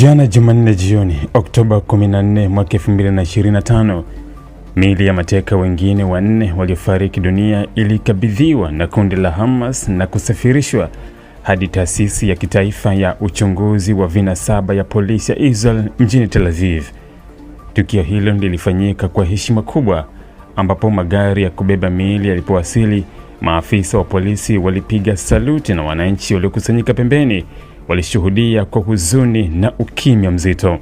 Jana Jumanne jioni Oktoba 14 mwaka 2025, miili ya mateka wengine wanne waliofariki dunia ilikabidhiwa na kundi la Hamas na kusafirishwa hadi taasisi ya kitaifa ya uchunguzi wa vinasaba ya polisi ya Israel mjini Tel Aviv. Tukio hilo lilifanyika kwa heshima kubwa, ambapo magari ya kubeba miili yalipowasili, maafisa wa polisi walipiga saluti na wananchi waliokusanyika pembeni walishuhudia kwa huzuni na ukimya mzito.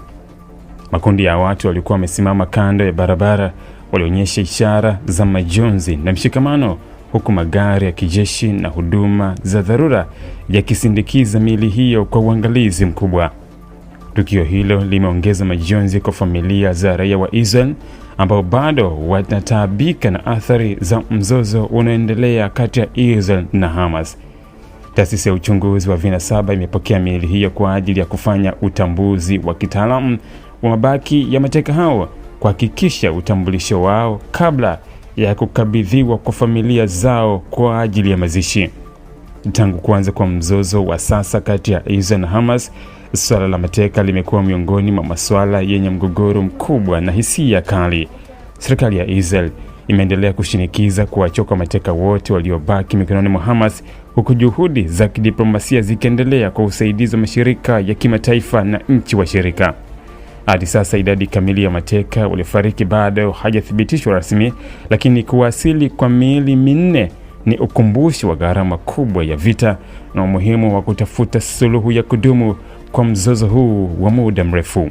Makundi ya watu walikuwa wamesimama kando ya barabara, walionyesha ishara za majonzi na mshikamano, huku magari ya kijeshi na huduma za dharura yakisindikiza miili hiyo kwa uangalizi mkubwa. Tukio hilo limeongeza majonzi kwa familia za raia wa Israel ambao bado wanataabika na athari za mzozo unaoendelea kati ya Israel na Hamas. Taasisi ya uchunguzi wa vinasaba imepokea miili hiyo kwa ajili ya kufanya utambuzi wa kitaalamu wa mabaki ya mateka hao, kuhakikisha utambulisho wao kabla ya kukabidhiwa kwa familia zao kwa ajili ya mazishi. Tangu kuanza kwa mzozo wa sasa kati ya Israel na Hamas, suala la mateka limekuwa miongoni mwa masuala yenye mgogoro mkubwa na hisia kali. Serikali ya Israel imeendelea kushinikiza kuwachoka mateka wote waliobaki mikononi mwa Hamas, huku juhudi za kidiplomasia zikiendelea kwa usaidizi wa mashirika ya kimataifa na nchi washirika. Hadi sasa idadi kamili ya mateka waliofariki bado hajathibitishwa rasmi, lakini kuwasili kwa miili minne ni ukumbushi wa gharama kubwa ya vita na umuhimu wa kutafuta suluhu ya kudumu kwa mzozo huu wa muda mrefu.